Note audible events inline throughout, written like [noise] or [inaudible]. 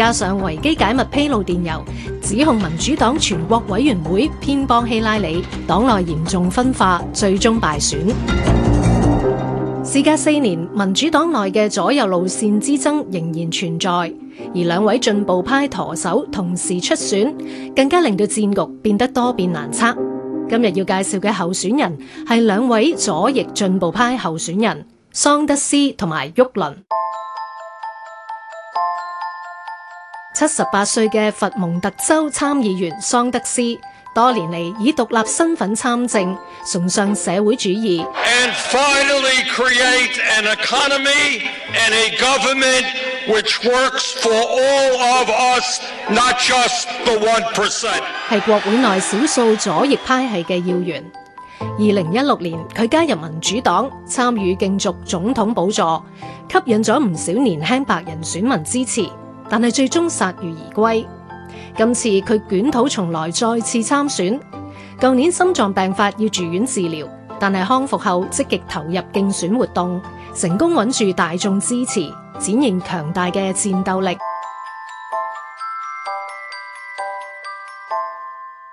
加上維基解密披露電郵，指控民主黨全國委員會偏幫希拉里，黨內嚴重分化，最終敗選。事隔四年，民主黨內嘅左右路線之爭仍然存在，而兩位進步派舵手同時出選，更加令到戰局變得多變難測。今日要介紹嘅候選人係兩位左翼進步派候選人桑德斯同埋沃倫。七十八歲嘅佛蒙特州參議員桑德斯，多年嚟以獨立身份參政，崇尚社會主義，And finally create an economy and a government which works for all of us, not just the 1%. 係國會內少數左翼派系嘅要員。二零一六年，佢加入民主黨，參與競逐總統寶座，吸引咗唔少年輕白人選民支持。但係最終鎩羽而歸。今次佢捲土重來，再次參選。舊年心臟病發要住院治療，但係康復後積極投入競選活動，成功穩住大眾支持，展現強大嘅戰鬥力。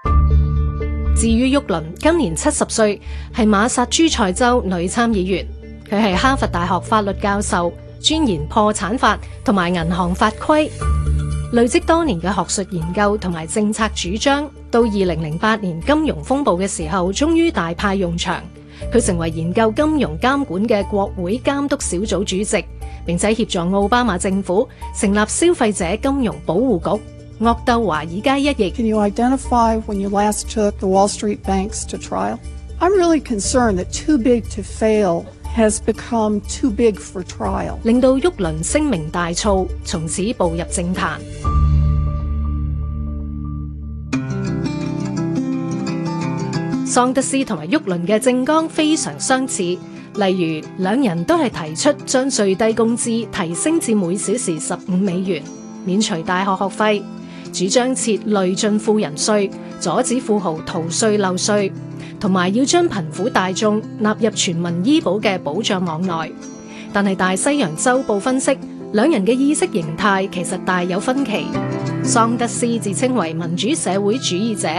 [music] 至於沃倫，今年七十歲，係馬薩諸塞州女參議員，佢係哈佛大學法律教授。專研破產法同埋銀行法規，累積多年嘅學術研究同埋政策主張，到二零零八年金融風暴嘅時候，終於大派用場。佢成為研究金融監管嘅國會監督小組主席，並且協助奧巴馬政府成立消費者金融保護局。惡鬥華爾街一役。Can you identify when you last took the Wall Street banks to trial? I'm really concerned that too big to fail Has become too big for trial。令到沃倫聲名大噪，從此步入政壇。桑德斯同埋沃倫嘅政綱非常相似，例如兩人都係提出將最低工資提升至每小時十五美元，免除大學學費。主張設累進富人稅，阻止富豪逃稅漏稅，同埋要將貧苦大眾納入全民醫保嘅保障網內。但係大西洋週報分析，兩人嘅意識形態其實大有分歧。桑德斯自稱為民主社會主義者，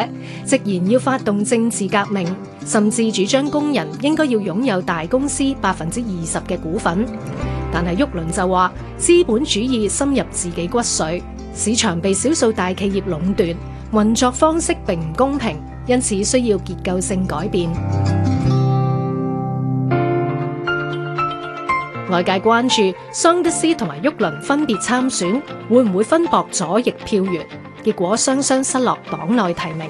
直言要發動政治革命，甚至主張工人應該要擁有大公司百分之二十嘅股份。但係沃倫就話，資本主義深入自己骨髓，市場被少數大企業壟斷，運作方式並唔公平，因此需要結構性改變。外界關注桑德斯同埋沃倫分別參選，會唔會分薄左翼票源？結果雙雙失落黨內提名。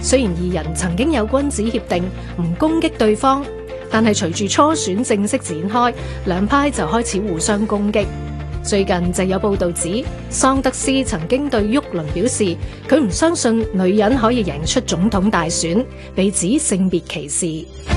雖然二人曾經有君子協定，唔攻擊對方。但係隨住初選正式展開，兩派就開始互相攻擊。最近就有報道指，桑德斯曾經對沃倫表示，佢唔相信女人可以贏出總統大選，被指性別歧視。